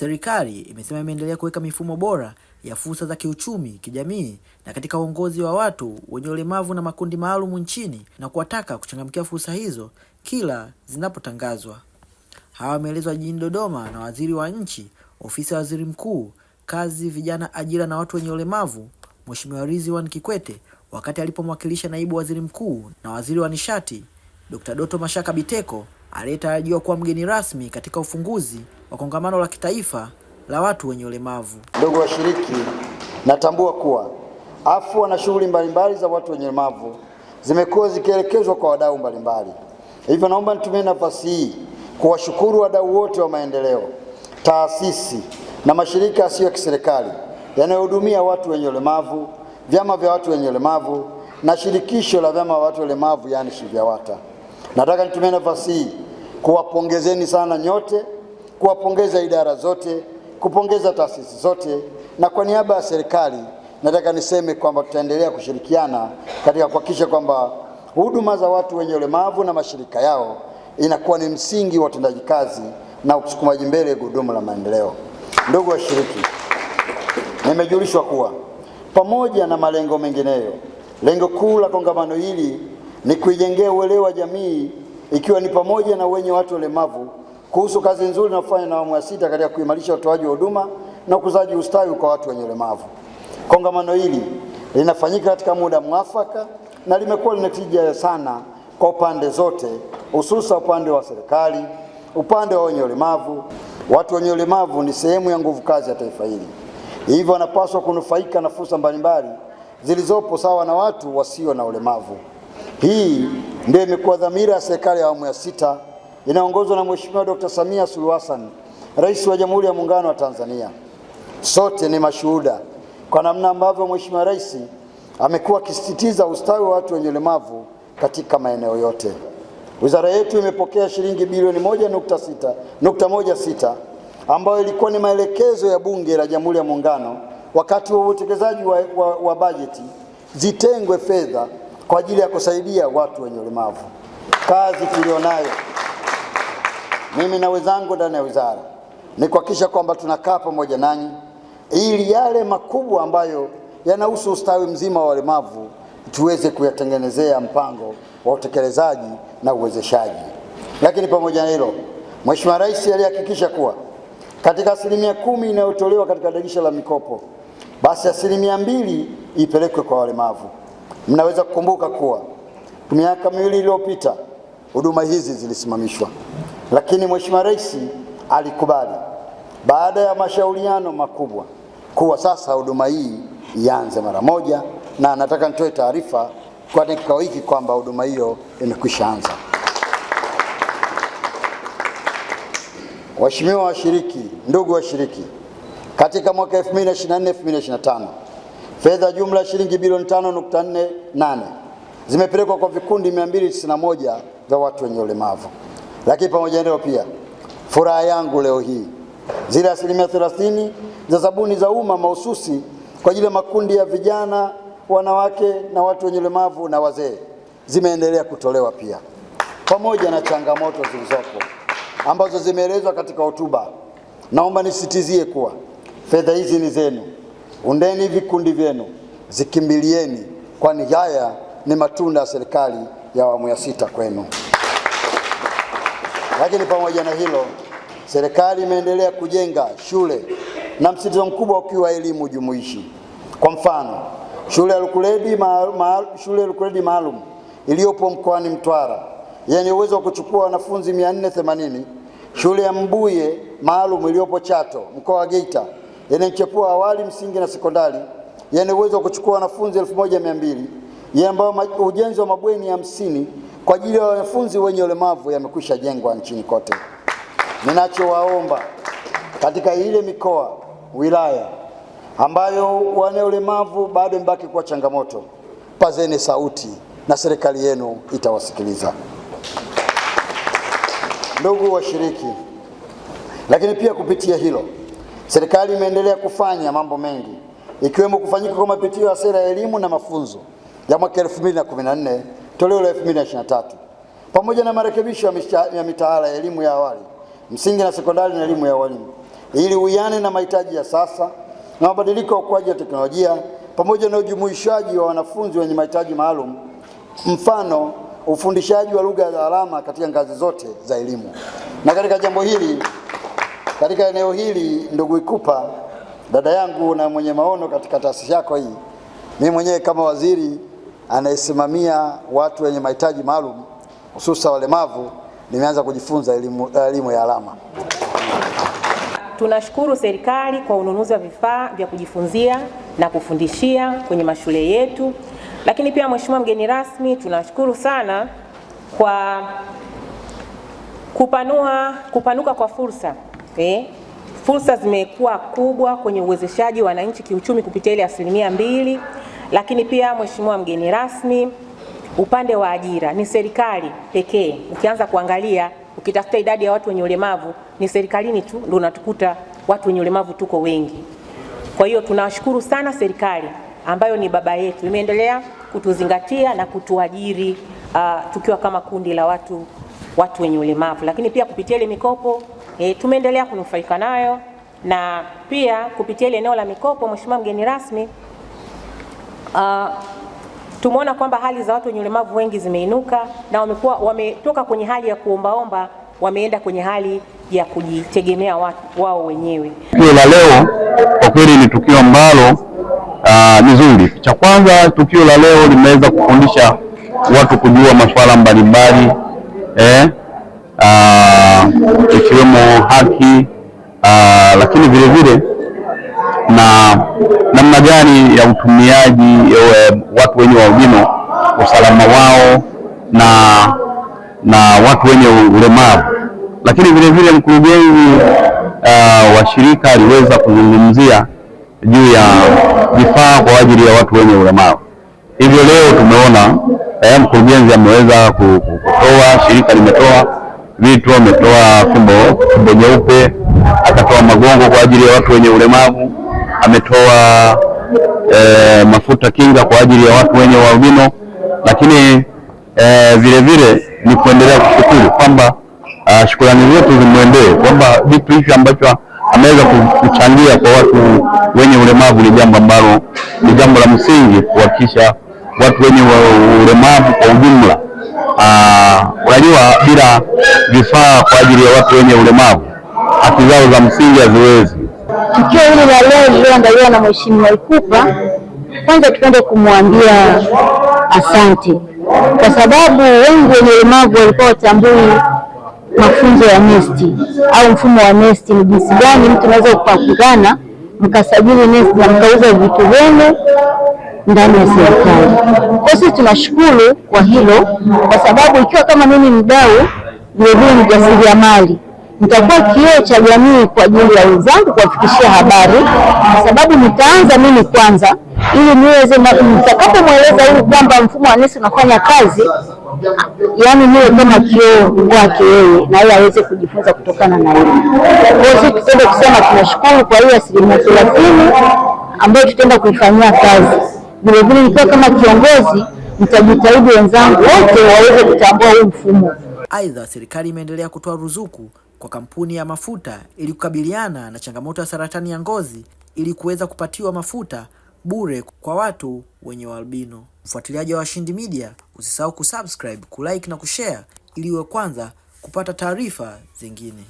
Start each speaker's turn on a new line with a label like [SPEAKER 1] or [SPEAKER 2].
[SPEAKER 1] Serikali imesema imeendelea kuweka mifumo bora ya fursa za kiuchumi, kijamii na katika uongozi wa watu wenye ulemavu na makundi maalum nchini na kuwataka kuchangamkia fursa hizo kila zinapotangazwa. Hawa wameelezwa jijini Dodoma na Waziri wa Nchi, Ofisi ya Waziri Mkuu, Kazi, Vijana, Ajira na Watu wenye Ulemavu, Mheshimiwa Ridhiwani Kikwete wakati alipomwakilisha Naibu Waziri Mkuu na Waziri wa Nishati, Dr. Doto Mashaka Biteko aliyetarajiwa kuwa mgeni rasmi katika ufunguzi wa kongamano la kitaifa la watu wenye ulemavu.
[SPEAKER 2] Ndugu washiriki, natambua kuwa afua na shughuli mbalimbali za watu wenye ulemavu zimekuwa zikielekezwa kwa wadau mbalimbali. Hivyo naomba nitumie nafasi hii kuwashukuru wadau wote wa maendeleo, taasisi na mashirika yasiyo ya kiserikali yanayohudumia watu wenye ulemavu, vyama vya watu wenye ulemavu na shirikisho la vyama vya watu walemavu, yaani SHIVYAWATA. Nataka nitumie nafasi hii kuwapongezeni sana nyote kuwapongeza idara zote, kupongeza taasisi zote, na kwa niaba ya serikali nataka niseme kwamba tutaendelea kushirikiana katika kuhakikisha kwamba huduma za watu wenye ulemavu na mashirika yao inakuwa ni msingi wa utendaji kazi na usukumaji mbele gurudumu la maendeleo. Ndugu washiriki, nimejulishwa kuwa pamoja na malengo mengineyo, lengo kuu la kongamano hili ni kuijengea uelewa jamii, ikiwa ni pamoja na wenye watu walemavu kuhusu kazi nzuri inayofanywa na awamu ya sita katika kuimarisha utoaji wa huduma na ukuzaji ustawi kwa watu wenye ulemavu. Kongamano hili linafanyika katika muda mwafaka na limekuwa lina tija sana kwa upande zote, hususa upande wa serikali, upande wa wenye ulemavu. Watu wenye ulemavu ni sehemu ya nguvu kazi ya taifa hili, hivyo wanapaswa kunufaika na fursa mbalimbali zilizopo sawa na watu wasio na ulemavu. Hii ndio imekuwa dhamira ya serikali ya awamu ya sita inaongozwa na Mheshimiwa Dr. Samia Suluhu Hassan, Rais wa Jamhuri ya Muungano wa Tanzania. Sote ni mashuhuda kwa namna ambavyo Mheshimiwa Rais amekuwa akisisitiza ustawi wa watu wenye ulemavu katika maeneo yote. Wizara yetu imepokea shilingi bilioni sita ambayo ilikuwa ni maelekezo ya Bunge la Jamhuri ya Muungano wakati wa utekelezaji wa, wa, wa bajeti zitengwe fedha kwa ajili ya kusaidia watu wenye ulemavu. Kazi tulionayo mimi na wenzangu ndani ya wizara ni kuhakikisha kwamba tunakaa pamoja nanyi ili yale makubwa ambayo yanahusu ustawi mzima wa walemavu tuweze kuyatengenezea mpango wa utekelezaji na uwezeshaji. Lakini pamoja na hilo, Mheshimiwa Rais alihakikisha kuwa katika asilimia kumi inayotolewa katika dirisha la mikopo, basi asilimia mbili ipelekwe kwa walemavu. Mnaweza kukumbuka kuwa miaka miwili iliyopita huduma hizi zilisimamishwa. Lakini Mheshimiwa Rais alikubali baada ya mashauriano makubwa kuwa sasa huduma hii ianze mara moja, na nataka nitoe taarifa kwa kikao hiki kwamba huduma hiyo imekwisha anza. Waheshimiwa washiriki, ndugu washiriki, katika mwaka 2024 2025 fedha jumla shilingi bilioni 5.48 zimepelekwa kwa vikundi 291 vya watu wenye ulemavu. Lakini pamoja nayo pia furaha yangu leo hii, zile asilimia thelathini za zabuni za umma mahususi kwa ajili ya makundi ya vijana, wanawake na watu wenye ulemavu na wazee zimeendelea kutolewa pia, pamoja na changamoto zilizopo ambazo zimeelezwa katika hotuba. Naomba nisitizie kuwa fedha hizi ni zenu, undeni vikundi vyenu, zikimbilieni, kwani haya ni matunda ya serikali ya awamu ya sita kwenu. Lakini pamoja na hilo, serikali imeendelea kujenga shule na msitizo mkubwa ukiwa elimu jumuishi. Kwa mfano, shule ya Lukuredi maalum, maalum iliyopo mkoani Mtwara yenye uwezo wa kuchukua wanafunzi 480, shule ya Mbuye maalum iliyopo Chato mkoa wa Geita yenye mchepuo awali, msingi na sekondari yenye uwezo wa kuchukua wanafunzi 1200 ambayo ujenzi wa mabweni hamsini kwa ajili ya wanafunzi wenye ulemavu yamekwisha jengwa nchini kote. Ninachowaomba katika ile mikoa, wilaya ambayo wana ulemavu bado mbaki kuwa changamoto, pazeni sauti na serikali yenu itawasikiliza. Ndugu washiriki, lakini pia kupitia hilo serikali imeendelea kufanya mambo mengi ikiwemo kufanyika kwa mapitio ya sera ya elimu na mafunzo ya mwaka 2014 toleo la 2023 pamoja na marekebisho ya mitaala ya elimu ya awali, msingi na sekondari na elimu ya walimu ili uwiane na mahitaji ya sasa na mabadiliko ya ukuaji wa teknolojia pamoja na ujumuishaji wa wanafunzi wenye mahitaji maalum, mfano ufundishaji wa lugha za alama katika ngazi zote za elimu. Na katika jambo hili, katika eneo hili, ndugu Ikupa, dada yangu na mwenye maono katika taasisi yako hii, mimi mwenyewe kama waziri anayesimamia watu wenye mahitaji maalum hususa walemavu, nimeanza kujifunza elimu, elimu ya alama.
[SPEAKER 3] Tunashukuru serikali kwa ununuzi wa vifaa vya kujifunzia na kufundishia kwenye mashule yetu, lakini pia Mheshimiwa mgeni rasmi, tunashukuru sana kwa kupanua, kupanuka kwa fursa eh? Fursa zimekuwa kubwa kwenye uwezeshaji wa wananchi kiuchumi kupitia ile asilimia mbili lakini pia mheshimiwa mgeni rasmi, upande wa ajira ni serikali pekee. Ukianza kuangalia ukitafuta idadi ya watu wenye ulemavu ni serikalini tu ndio unatukuta watu wenye ulemavu tuko wengi. Kwa hiyo tunawashukuru sana serikali ambayo ni baba yetu, imeendelea kutuzingatia na kutuajiri uh, tukiwa kama kundi la watu watu wenye ulemavu. Lakini pia kupitia ile mikopo e, tumeendelea kunufaika nayo na pia kupitia ile eneo la mikopo, mheshimiwa mgeni rasmi, Ah, tumeona kwamba hali za watu wenye ulemavu wengi zimeinuka na wamekuwa wametoka kwenye hali ya kuombaomba wameenda kwenye hali ya kujitegemea wao wenyewe.
[SPEAKER 4] Tukio la leo kwa kweli ni tukio ambalo ah, ni zuri. Cha kwanza, tukio la leo limeweza kufundisha watu kujua masuala mbalimbali eh, ah, ikiwemo haki aa, lakini vilevile na namna gani ya utumiaji ya eh, watu wenye waumino, usalama wao na na watu wenye ulemavu. Lakini vilevile mkurugenzi uh, wa shirika aliweza kuzungumzia juu ya vifaa kwa ajili ya watu wenye ulemavu. Hivyo leo tumeona eh, mkurugenzi ameweza kutoa, shirika limetoa vitu, ametoa fimbo fimbo nyeupe, akatoa magongo kwa ajili ya watu wenye ulemavu ametoa e, mafuta kinga kwa ajili ya watu wenye ualbino, lakini e, vile vile ni kuendelea kushukuru kwamba ah, shukrani zetu zimwendee kwamba vitu hivi ambacho ameweza kuchangia kwa watu wenye ulemavu ni jambo ambalo ni jambo la msingi kuhakikisha watu wenye ulemavu kwa ujumla. Ah, unajua, bila vifaa kwa ajili ya watu wenye ulemavu haki zao za msingi haziwezi
[SPEAKER 5] tukio hili la leo lililoandaliwa na Mheshimiwa Ikupa, kwanza tupende kumwambia asante, kwa sababu wengi wenye ulemavu walikuwa watambui mafunzo ya NEST au mfumo wa NEST ni jinsi gani mtu anaweza kupambana mkasajili NEST na mkauza vitu vyenu ndani ya serikali. Kwa sisi tunashukuru kwa hilo, kwa sababu ikiwa kama mimi mdau vilevile mjasiriamali nitakuwa kioo cha jamii kwa ajili ya wenzangu kuwafikishia habari, kwa sababu nitaanza mimi kwanza, ili niweze nitakapomweleza huyu kwamba mfumo wa nesi unafanya kazi, yaani niwe kama kioo kwake yeye na yeye aweze kujifunza kutokana na hili. Kwa hiyo sisi tutaenda kusema tunashukuru kwa hiyo asilimia thelathini ambayo tutaenda kuifanyia kazi. Vilevile nikiwa kama kiongozi nitajitahidi wenzangu wote waweze kutambua huu mfumo.
[SPEAKER 6] Aidha, serikali imeendelea kutoa ruzuku kwa kampuni ya mafuta ili kukabiliana na changamoto ya saratani ya ngozi ili kuweza kupatiwa mafuta bure kwa watu wenye ualbino. Mfuatiliaji wa Washindi Media, usisahau kusubscribe, kulike na kushare ili uwe kwanza kupata taarifa zingine.